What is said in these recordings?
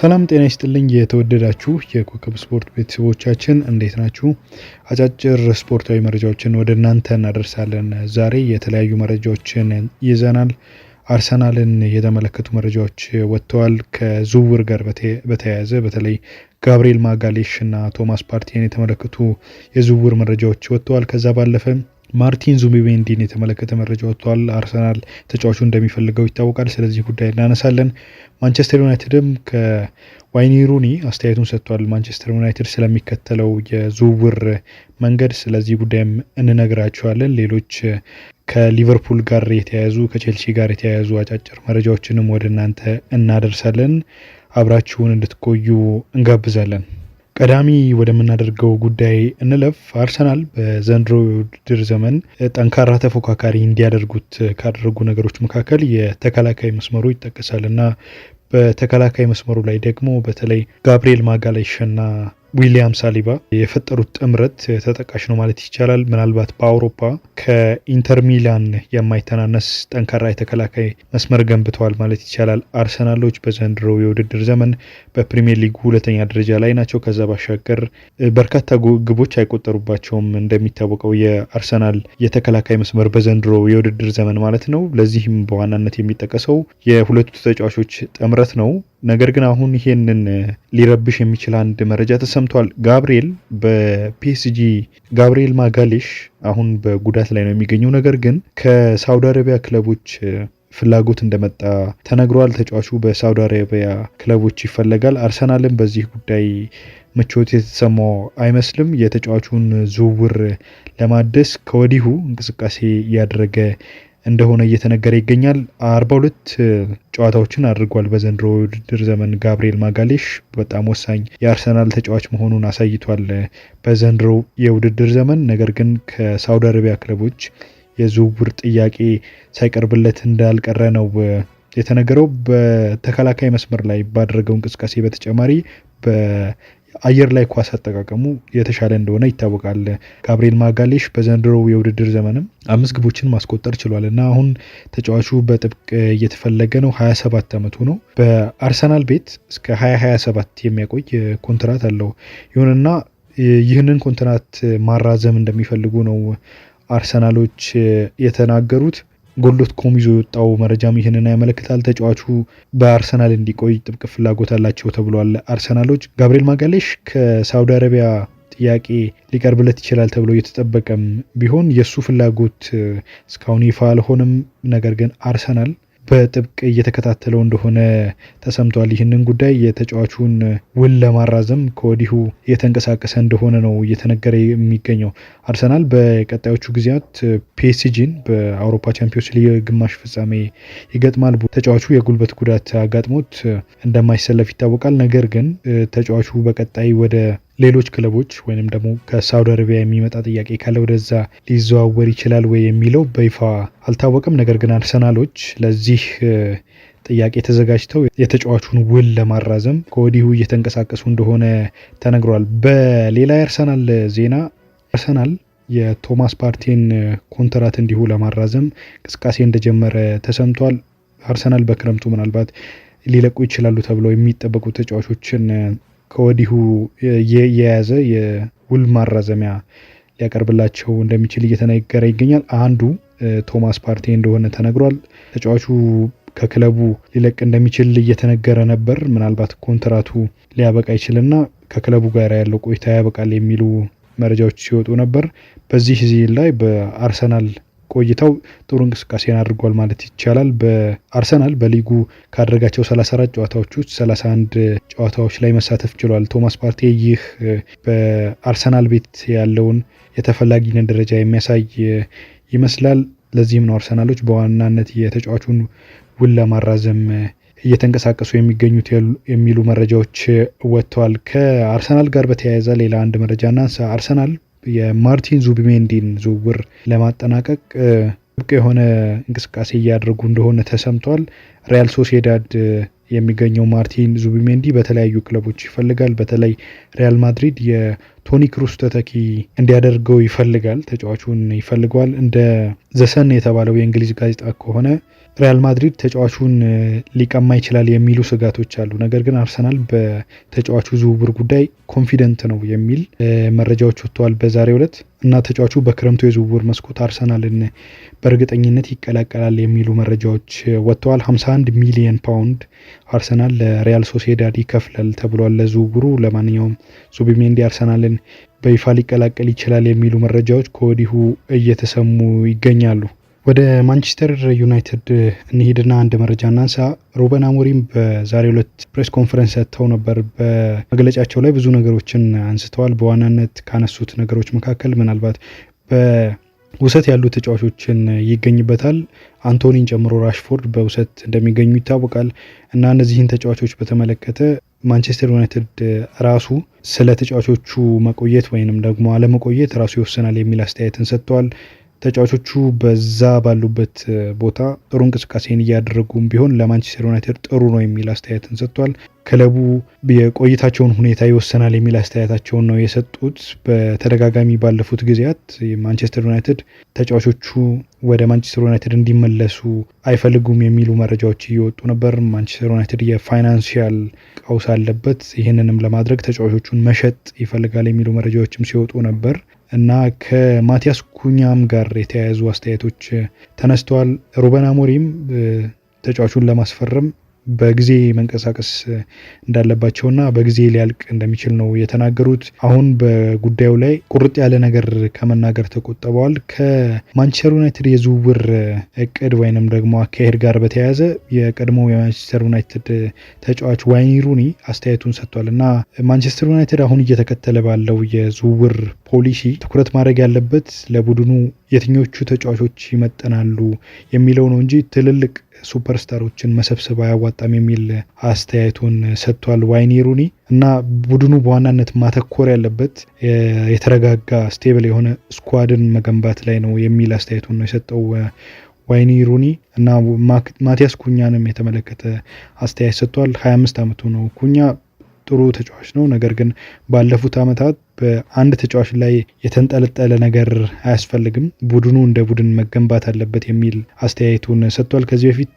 ሰላም ጤና ይስጥልኝ። የተወደዳችሁ የኮከብ ስፖርት ቤተሰቦቻችን እንዴት ናችሁ? አጫጭር ስፖርታዊ መረጃዎችን ወደ እናንተ እናደርሳለን። ዛሬ የተለያዩ መረጃዎችን ይዘናል። አርሰናልን የተመለከቱ መረጃዎች ወጥተዋል። ከዝውውር ጋር በተያያዘ በተለይ ጋብሪኤል ማጋሌሽ እና ቶማስ ፓርቲን የተመለከቱ የዝውውር መረጃዎች ወጥተዋል። ከዛ ባለፈ ማርቲን ዙቢሜንዲን የተመለከተ መረጃ ወጥቷል። አርሰናል ተጫዋቹ እንደሚፈልገው ይታወቃል። ስለዚህ ጉዳይ እናነሳለን። ማንቸስተር ዩናይትድም ከዋይኒ ሩኒ አስተያየቱን ሰጥቷል። ማንቸስተር ዩናይትድ ስለሚከተለው የዝውውር መንገድ፣ ስለዚህ ጉዳይም እንነግራቸዋለን ሌሎች ከሊቨርፑል ጋር የተያያዙ ከቼልሲ ጋር የተያያዙ አጫጭር መረጃዎችንም ወደ እናንተ እናደርሳለን። አብራችሁን እንድትቆዩ እንጋብዛለን። ቀዳሚ ወደምናደርገው ጉዳይ እንለፍ። አርሰናል በዘንድሮ የውድድር ዘመን ጠንካራ ተፎካካሪ እንዲያደርጉት ካደረጉ ነገሮች መካከል የተከላካይ መስመሩ ይጠቀሳል እና በተከላካይ መስመሩ ላይ ደግሞ በተለይ ጋብሪኤል ማጋሌሽና ዊሊያም ሳሊባ የፈጠሩት ጥምረት ተጠቃሽ ነው ማለት ይቻላል። ምናልባት በአውሮፓ ከኢንተር ሚላን የማይተናነስ ጠንካራ የተከላካይ መስመር ገንብተዋል ማለት ይቻላል። አርሰናሎች በዘንድሮ የውድድር ዘመን በፕሪሚየር ሊጉ ሁለተኛ ደረጃ ላይ ናቸው። ከዛ ባሻገር በርካታ ግቦች አይቆጠሩባቸውም። እንደሚታወቀው የአርሰናል የተከላካይ መስመር በዘንድሮ የውድድር ዘመን ማለት ነው። ለዚህም በዋናነት የሚጠቀሰው የሁለቱ ተጫዋቾች ጥምረት ነው። ነገር ግን አሁን ይሄንን ሊረብሽ የሚችል አንድ መረጃ ተሰምቷል። ጋብሪኤል በፒኤስጂ ጋብሪኤል ማጋሌሽ አሁን በጉዳት ላይ ነው የሚገኘው። ነገር ግን ከሳውዲ አረቢያ ክለቦች ፍላጎት እንደመጣ ተነግሯል። ተጫዋቹ በሳውዲ አረቢያ ክለቦች ይፈለጋል። አርሰናልም በዚህ ጉዳይ ምቾት የተሰማው አይመስልም። የተጫዋቹን ዝውውር ለማደስ ከወዲሁ እንቅስቃሴ እያደረገ እንደሆነ እየተነገረ ይገኛል። አርባ ሁለት ጨዋታዎችን አድርጓል በዘንድሮ ውድድር ዘመን ጋብሪኤል ማጋሌሽ በጣም ወሳኝ የአርሰናል ተጫዋች መሆኑን አሳይቷል በዘንድሮ የውድድር ዘመን። ነገር ግን ከሳውዲ አረቢያ ክለቦች የዝውውር ጥያቄ ሳይቀርብለት እንዳልቀረ ነው የተነገረው። በተከላካይ መስመር ላይ ባደረገው እንቅስቃሴ በተጨማሪ አየር ላይ ኳስ አጠቃቀሙ የተሻለ እንደሆነ ይታወቃል። ጋብሪኤል ማጋሌሽ በዘንድሮ የውድድር ዘመንም አምስት ግቦችን ማስቆጠር ችሏል እና አሁን ተጫዋቹ በጥብቅ እየተፈለገ ነው። 27 ዓመቱ ነው። በአርሰናል ቤት እስከ 2027 የሚያቆይ ኮንትራት አለው። ይሁንና ይህንን ኮንትራት ማራዘም እንደሚፈልጉ ነው አርሰናሎች የተናገሩት። ጎሎት ኮም ይዞ የወጣው መረጃም ይህንን ያመለክታል። ተጫዋቹ በአርሰናል እንዲቆይ ጥብቅ ፍላጎት አላቸው ተብሏል። አርሰናሎች ጋብሪኤል ማጋሌሽ ከሳውዲ አረቢያ ጥያቄ ሊቀርብለት ይችላል ተብሎ እየተጠበቀም ቢሆን የእሱ ፍላጎት እስካሁን ይፋ አልሆነም። ነገር ግን አርሰናል በጥብቅ እየተከታተለው እንደሆነ ተሰምቷል። ይህንን ጉዳይ የተጫዋቹን ውል ለማራዘም ከወዲሁ እየተንቀሳቀሰ እንደሆነ ነው እየተነገረ የሚገኘው። አርሰናል በቀጣዮቹ ጊዜያት ፒኤስጂን በአውሮፓ ቻምፒዮንስ ሊግ ግማሽ ፍጻሜ ይገጥማል። ተጫዋቹ የጉልበት ጉዳት አጋጥሞት እንደማይሰለፍ ይታወቃል። ነገር ግን ተጫዋቹ በቀጣይ ወደ ሌሎች ክለቦች ወይም ደግሞ ከሳውዲ አረቢያ የሚመጣ ጥያቄ ካለ ወደዛ ሊዘዋወር ይችላል ወይ የሚለው በይፋ አልታወቅም። ነገር ግን አርሰናሎች ለዚህ ጥያቄ ተዘጋጅተው የተጫዋቹን ውል ለማራዘም ከወዲሁ እየተንቀሳቀሱ እንደሆነ ተነግሯል። በሌላ የአርሰናል ዜና አርሰናል የቶማስ ፓርቲን ኮንትራት እንዲሁ ለማራዘም እንቅስቃሴ እንደጀመረ ተሰምቷል። አርሰናል በክረምቱ ምናልባት ሊለቁ ይችላሉ ተብለው የሚጠበቁ ተጫዋቾችን ከወዲሁ የያዘ የውል ማራዘሚያ ሊያቀርብላቸው እንደሚችል እየተነገረ ይገኛል። አንዱ ቶማስ ፓርቴ እንደሆነ ተነግሯል። ተጫዋቹ ከክለቡ ሊለቅ እንደሚችል እየተነገረ ነበር። ምናልባት ኮንትራቱ ሊያበቃ ይችልና ከክለቡ ጋር ያለው ቆይታ ያበቃል የሚሉ መረጃዎች ሲወጡ ነበር። በዚህ ዚል ላይ በአርሰናል ቆይታው ጥሩ እንቅስቃሴን አድርጓል ማለት ይቻላል። በአርሰናል በሊጉ ካደረጋቸው 34 ጨዋታዎች ውስጥ 31 ጨዋታዎች ላይ መሳተፍ ችሏል። ቶማስ ፓርቴ ይህ በአርሰናል ቤት ያለውን የተፈላጊነት ደረጃ የሚያሳይ ይመስላል። ለዚህም ነው አርሰናሎች በዋናነት የተጫዋቹን ውል ለማራዘም እየተንቀሳቀሱ የሚገኙት የሚሉ መረጃዎች ወጥተዋል። ከአርሰናል ጋር በተያያዘ ሌላ አንድ መረጃ እናንሳ። አርሰናል የማርቲን ዙቢሜንዲን ዝውውር ለማጠናቀቅ ጥብቅ የሆነ እንቅስቃሴ እያደረጉ እንደሆነ ተሰምቷል። ሪያል ሶሲዳድ የሚገኘው ማርቲን ዙቢሜንዲ በተለያዩ ክለቦች ይፈልጋል። በተለይ ሪያል ማድሪድ የቶኒ ክሩስ ተተኪ እንዲያደርገው ይፈልጋል፣ ተጫዋቹን ይፈልገዋል። እንደ ዘሰን የተባለው የእንግሊዝ ጋዜጣ ከሆነ ሪያል ማድሪድ ተጫዋቹን ሊቀማ ይችላል የሚሉ ስጋቶች አሉ። ነገር ግን አርሰናል በተጫዋቹ ዝውውር ጉዳይ ኮንፊደንት ነው የሚል መረጃዎች ወጥተዋል በዛሬው ዕለት እና ተጫዋቹ በክረምቱ የዝውውር መስኮት አርሰናልን በእርግጠኝነት ይቀላቀላል የሚሉ መረጃዎች ወጥተዋል። 51 ሚሊየን ፓውንድ አርሰናል ለሪያል ሶሴዳድ ይከፍላል ተብሏል ለዝውውሩ። ለማንኛውም ዙቢሜንዲ አርሰናልን በይፋ ሊቀላቀል ይችላል የሚሉ መረጃዎች ከወዲሁ እየተሰሙ ይገኛሉ። ወደ ማንቸስተር ዩናይትድ እንሄድና አንድ መረጃ እናንሳ። ሩበን አሞሪም በዛሬ ሁለት ፕሬስ ኮንፈረንስ ሰጥተው ነበር። በመግለጫቸው ላይ ብዙ ነገሮችን አንስተዋል። በዋናነት ካነሱት ነገሮች መካከል ምናልባት በውሰት ያሉ ተጫዋቾችን ይገኝበታል። አንቶኒን ጨምሮ ራሽፎርድ በውሰት እንደሚገኙ ይታወቃል እና እነዚህን ተጫዋቾች በተመለከተ ማንቸስተር ዩናይትድ ራሱ ስለ ተጫዋቾቹ መቆየት ወይንም ደግሞ አለመቆየት ራሱ ይወስናል የሚል አስተያየትን ሰጥተዋል። ተጫዋቾቹ በዛ ባሉበት ቦታ ጥሩ እንቅስቃሴን እያደረጉም ቢሆን ለማንቸስተር ዩናይትድ ጥሩ ነው የሚል አስተያየትን ሰጥቷል። ክለቡ የቆይታቸውን ሁኔታ ይወሰናል የሚል አስተያየታቸውን ነው የሰጡት። በተደጋጋሚ ባለፉት ጊዜያት ማንቸስተር ዩናይትድ ተጫዋቾቹ ወደ ማንቸስተር ዩናይትድ እንዲመለሱ አይፈልጉም የሚሉ መረጃዎች እየወጡ ነበር። ማንቸስተር ዩናይትድ የፋይናንሽያል ቀውስ አለበት፣ ይህንንም ለማድረግ ተጫዋቾቹን መሸጥ ይፈልጋል የሚሉ መረጃዎችም ሲወጡ ነበር። እና ከማቲያስ ኩኛም ጋር የተያያዙ አስተያየቶች ተነስተዋል። ሩበን አሞሪም ተጫዋቹን ለማስፈረም በጊዜ መንቀሳቀስ እንዳለባቸውና በጊዜ ሊያልቅ እንደሚችል ነው የተናገሩት። አሁን በጉዳዩ ላይ ቁርጥ ያለ ነገር ከመናገር ተቆጥበዋል። ከማንቸስተር ዩናይትድ የዝውውር እቅድ ወይንም ደግሞ አካሄድ ጋር በተያያዘ የቀድሞ የማንቸስተር ዩናይትድ ተጫዋች ዋይኒሩኒ ሩኒ አስተያየቱን ሰጥቷል እና ማንቸስተር ዩናይትድ አሁን እየተከተለ ባለው የዝውውር ፖሊሲ ትኩረት ማድረግ ያለበት ለቡድኑ የትኞቹ ተጫዋቾች ይመጠናሉ የሚለው ነው እንጂ ትልልቅ ሱፐርስታሮችን መሰብሰብ አያዋጣም የሚል አስተያየቱን ሰጥቷል ዋይኒ ሩኒ። እና ቡድኑ በዋናነት ማተኮር ያለበት የተረጋጋ ስቴብል የሆነ ስኳድን መገንባት ላይ ነው የሚል አስተያየቱን ነው የሰጠው ዋይኒ ሩኒ እና ማቲያስ ኩኛንም የተመለከተ አስተያየት ሰጥቷል። 25 ዓመቱ ነው ኩኛ ጥሩ ተጫዋች ነው። ነገር ግን ባለፉት ዓመታት በአንድ ተጫዋች ላይ የተንጠለጠለ ነገር አያስፈልግም፣ ቡድኑ እንደ ቡድን መገንባት አለበት የሚል አስተያየቱን ሰጥቷል። ከዚህ በፊት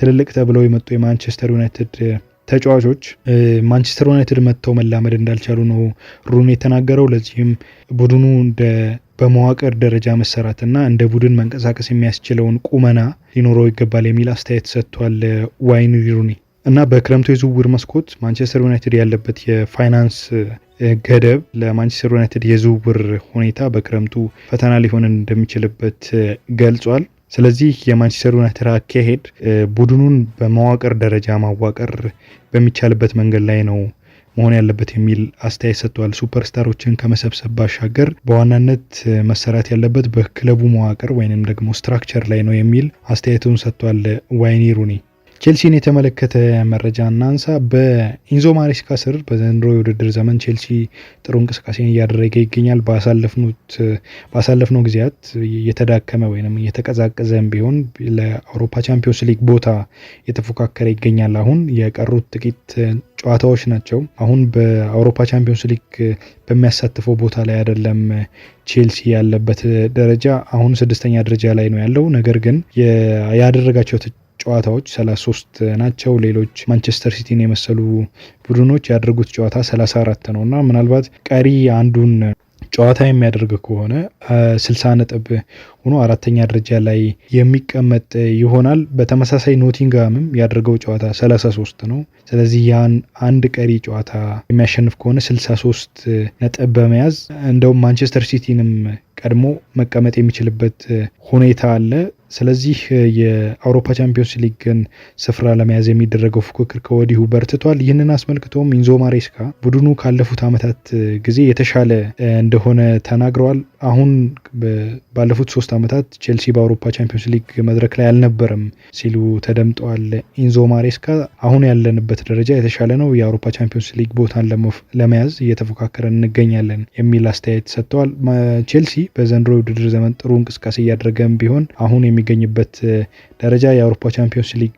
ትልልቅ ተብለው የመጡ የማንቸስተር ዩናይትድ ተጫዋቾች ማንቸስተር ዩናይትድ መጥተው መላመድ እንዳልቻሉ ነው ሩን የተናገረው። ለዚህም ቡድኑ እንደ በመዋቅር ደረጃ መሰራትና እንደ ቡድን መንቀሳቀስ የሚያስችለውን ቁመና ሊኖረው ይገባል የሚል አስተያየት ሰጥቷል ዋይን ሩኒ። እና በክረምቱ የዝውውር መስኮት ማንቸስተር ዩናይትድ ያለበት የፋይናንስ ገደብ ለማንቸስተር ዩናይትድ የዝውውር ሁኔታ በክረምቱ ፈተና ሊሆን እንደሚችልበት ገልጿል። ስለዚህ የማንቸስተር ዩናይትድ አካሄድ ቡድኑን በመዋቅር ደረጃ ማዋቀር በሚቻልበት መንገድ ላይ ነው መሆን ያለበት የሚል አስተያየት ሰጥተዋል። ሱፐርስታሮችን ከመሰብሰብ ባሻገር በዋናነት መሰራት ያለበት በክለቡ መዋቅር ወይንም ደግሞ ስትራክቸር ላይ ነው የሚል አስተያየቱን ሰጥቷል ዋይኒ ሩኒ። ቼልሲን የተመለከተ መረጃ እናንሳ። በኢንዞ ማሬስካ ስር በዘንድሮ የውድድር ዘመን ቼልሲ ጥሩ እንቅስቃሴን እያደረገ ይገኛል። ባሳለፍነው ጊዜያት እየተዳከመ ወይም እየተቀዛቀዘም ቢሆን ለአውሮፓ ቻምፒዮንስ ሊግ ቦታ የተፎካከረ ይገኛል። አሁን የቀሩት ጥቂት ጨዋታዎች ናቸው። አሁን በአውሮፓ ቻምፒዮንስ ሊግ በሚያሳትፈው ቦታ ላይ አይደለም ቼልሲ ያለበት ደረጃ። አሁን ስድስተኛ ደረጃ ላይ ነው ያለው። ነገር ግን ያደረጋቸው ጨዋታዎች 33 ናቸው። ሌሎች ማንቸስተር ሲቲን የመሰሉ ቡድኖች ያደረጉት ጨዋታ 34 ነው እና ምናልባት ቀሪ አንዱን ጨዋታ የሚያደርግ ከሆነ 60 ነጥብ ሆኖ አራተኛ ደረጃ ላይ የሚቀመጥ ይሆናል። በተመሳሳይ ኖቲንግሃምም ያደረገው ጨዋታ 33 ነው። ስለዚህ ያን አንድ ቀሪ ጨዋታ የሚያሸንፍ ከሆነ 63 ነጥብ በመያዝ እንደውም ማንቸስተር ሲቲንም ቀድሞ መቀመጥ የሚችልበት ሁኔታ አለ። ስለዚህ የአውሮፓ ቻምፒዮንስ ሊግን ስፍራ ለመያዝ የሚደረገው ፉክክር ከወዲሁ በርትቷል። ይህንን አስመልክቶም ኢንዞ ማሬስካ ቡድኑ ካለፉት ዓመታት ጊዜ የተሻለ እንደሆነ ተናግረዋል። አሁን ባለፉት ሶስት ዓመታት ቼልሲ በአውሮፓ ቻምፒዮንስ ሊግ መድረክ ላይ አልነበረም ሲሉ ተደምጠዋል። ኢንዞ ማሬስካ አሁን ያለንበት ደረጃ የተሻለ ነው፣ የአውሮፓ ቻምፒዮንስ ሊግ ቦታን ለመያዝ እየተፎካከረ እንገኛለን የሚል አስተያየት ሰጥተዋል። ቼልሲ በዘንድሮ የውድድር ዘመን ጥሩ እንቅስቃሴ እያደረገም ቢሆን አሁን የሚገኝበት ደረጃ የአውሮፓ ቻምፒዮንስ ሊግ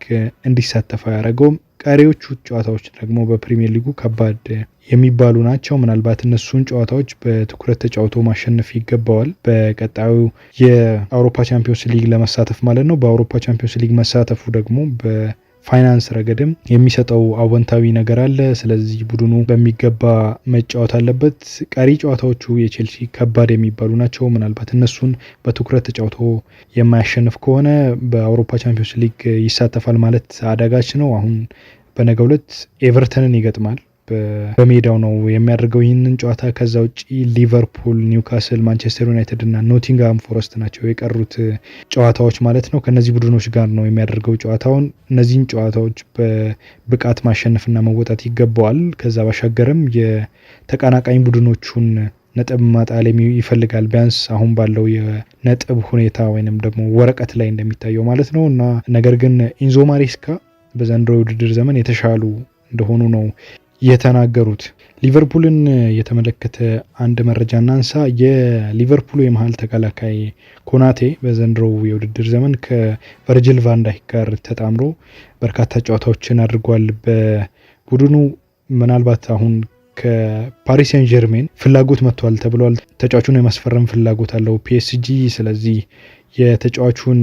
እንዲሳተፍ ያደረገውም ቀሪዎቹ ጨዋታዎች ደግሞ በፕሪሚየር ሊጉ ከባድ የሚባሉ ናቸው። ምናልባት እነሱን ጨዋታዎች በትኩረት ተጫውቶ ማሸነፍ ይገባዋል። በቀጣዩ የአውሮፓ ቻምፒዮንስ ሊግ ለመሳተፍ ማለት ነው። በአውሮፓ ቻምፒዮንስ ሊግ መሳተፉ ደግሞ በ ፋይናንስ ረገድም የሚሰጠው አወንታዊ ነገር አለ። ስለዚህ ቡድኑ በሚገባ መጫወት አለበት። ቀሪ ጨዋታዎቹ የቼልሲ ከባድ የሚባሉ ናቸው። ምናልባት እነሱን በትኩረት ተጫውቶ የማያሸንፍ ከሆነ በአውሮፓ ቻምፒዮንስ ሊግ ይሳተፋል ማለት አዳጋች ነው። አሁን በነገው ዕለት ኤቨርተንን ይገጥማል። በሜዳው ነው የሚያደርገው ይህንን ጨዋታ። ከዛ ውጭ ሊቨርፑል፣ ኒውካስል፣ ማንቸስተር ዩናይትድ እና ኖቲንግሃም ፎረስት ናቸው የቀሩት ጨዋታዎች ማለት ነው። ከእነዚህ ቡድኖች ጋር ነው የሚያደርገው ጨዋታውን። እነዚህን ጨዋታዎች በብቃት ማሸነፍና መወጣት ይገባዋል። ከዛ ባሻገርም የተቀናቃኝ ቡድኖቹን ነጥብ ማጣል ይፈልጋል። ቢያንስ አሁን ባለው የነጥብ ሁኔታ ወይም ደግሞ ወረቀት ላይ እንደሚታየው ማለት ነው እና ነገር ግን ኢንዞ ማሬስካ በዘንድሮ የውድድር ዘመን የተሻሉ እንደሆኑ ነው የተናገሩት። ሊቨርፑልን የተመለከተ አንድ መረጃ እናንሳ። የሊቨርፑሉ የመሀል ተከላካይ ኮናቴ በዘንድሮው የውድድር ዘመን ከቨርጅል ቫንዳይክ ጋር ተጣምሮ በርካታ ጨዋታዎችን አድርጓል። በቡድኑ ምናልባት አሁን ከፓሪስ ሴን ጀርሜን ፍላጎት መጥቷል ተብሏል። ተጫዋቹን የማስፈረም ፍላጎት አለው ፒኤስጂ። ስለዚህ የተጫዋቹን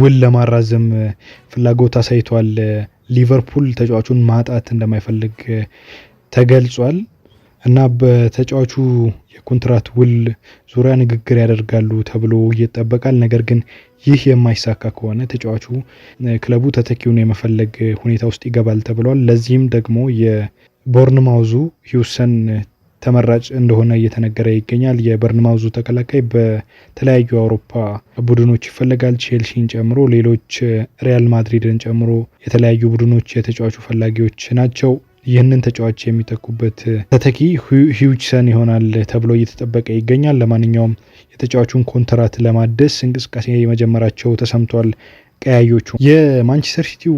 ውል ለማራዘም ፍላጎት አሳይቷል ሊቨርፑል ተጫዋቹን ማጣት እንደማይፈልግ ተገልጿል እና በተጫዋቹ የኮንትራት ውል ዙሪያ ንግግር ያደርጋሉ ተብሎ ይጠበቃል። ነገር ግን ይህ የማይሳካ ከሆነ ተጫዋቹ ክለቡ ተተኪውን የመፈለግ ሁኔታ ውስጥ ይገባል ተብሏል። ለዚህም ደግሞ የቦርንማውዙ ሂውሰን ተመራጭ እንደሆነ እየተነገረ ይገኛል። የበርንማውዙ ተከላካይ በተለያዩ አውሮፓ ቡድኖች ይፈለጋል። ቼልሲን ጨምሮ ሌሎች ሪያል ማድሪድን ጨምሮ የተለያዩ ቡድኖች የተጫዋቹ ፈላጊዎች ናቸው። ይህንን ተጫዋች የሚተኩበት ተተኪ ሂውጅሰን ይሆናል ተብሎ እየተጠበቀ ይገኛል። ለማንኛውም የተጫዋቹን ኮንትራት ለማደስ እንቅስቃሴ የመጀመራቸው ተሰምቷል። ቀያዮቹ የማንቸስተር ሲቲው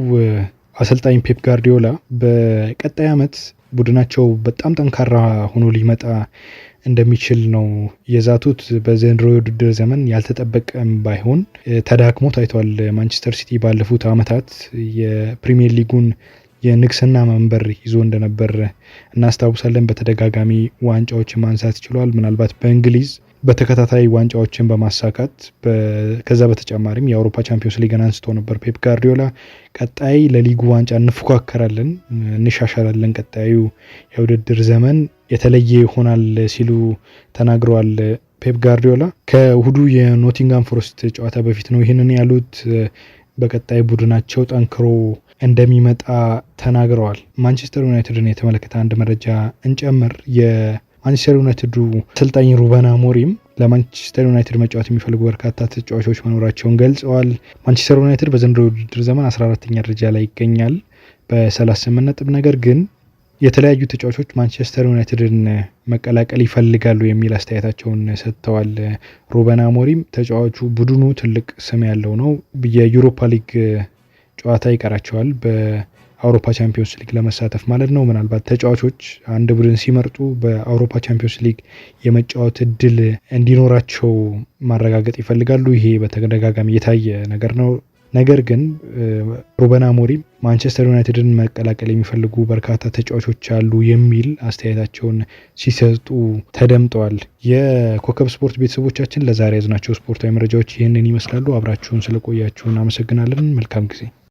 አሰልጣኝ ፔፕ ጋርዲዮላ በቀጣይ ዓመት ቡድናቸው በጣም ጠንካራ ሆኖ ሊመጣ እንደሚችል ነው የዛቱት። በዘንድሮ የውድድር ዘመን ያልተጠበቀም ባይሆን ተዳክሞ ታይቷል። ማንቸስተር ሲቲ ባለፉት ዓመታት የፕሪሚየር ሊጉን የንግስና መንበር ይዞ እንደነበር እናስታውሳለን። በተደጋጋሚ ዋንጫዎች ማንሳት ችሏል። ምናልባት በእንግሊዝ በተከታታይ ዋንጫዎችን በማሳካት ከዛ በተጨማሪም የአውሮፓ ቻምፒዮንስ ሊግን አንስቶ ነበር ፔፕ ጋርዲዮላ። ቀጣይ ለሊጉ ዋንጫ እንፎካከራለን፣ እንሻሻላለን፣ ቀጣዩ የውድድር ዘመን የተለየ ይሆናል ሲሉ ተናግረዋል ፔፕ ጋርዲዮላ። ከእሁዱ የኖቲንጋም ፎረስት ጨዋታ በፊት ነው ይህንን ያሉት። በቀጣይ ቡድናቸው ጠንክሮ እንደሚመጣ ተናግረዋል። ማንቸስተር ዩናይትድን የተመለከተ አንድ መረጃ እንጨምር። ማንቸስተር ዩናይትዱ አሰልጣኝ ሩበን አሞሪም ለማንቸስተር ዩናይትድ መጫወት የሚፈልጉ በርካታ ተጫዋቾች መኖራቸውን ገልጸዋል። ማንቸስተር ዩናይትድ በዘንድሮ ውድድር ዘመን 14ተኛ ደረጃ ላይ ይገኛል በ38 ነጥብ። ነገር ግን የተለያዩ ተጫዋቾች ማንቸስተር ዩናይትድን መቀላቀል ይፈልጋሉ የሚል አስተያየታቸውን ሰጥተዋል። ሩበን አሞሪም ተጫዋቹ ቡድኑ ትልቅ ስም ያለው ነው፣ የዩሮፓ ሊግ ጨዋታ ይቀራቸዋል አውሮፓ ቻምፒዮንስ ሊግ ለመሳተፍ ማለት ነው። ምናልባት ተጫዋቾች አንድ ቡድን ሲመርጡ በአውሮፓ ቻምፒዮንስ ሊግ የመጫወት እድል እንዲኖራቸው ማረጋገጥ ይፈልጋሉ። ይሄ በተደጋጋሚ የታየ ነገር ነው። ነገር ግን ሩበን አሞሪም ማንቸስተር ዩናይትድን መቀላቀል የሚፈልጉ በርካታ ተጫዋቾች አሉ የሚል አስተያየታቸውን ሲሰጡ ተደምጠዋል። የኮከብ ስፖርት ቤተሰቦቻችን ለዛሬ ያዝናቸው ስፖርታዊ መረጃዎች ይህንን ይመስላሉ። አብራችሁን ስለቆያችሁን አመሰግናለን። መልካም ጊዜ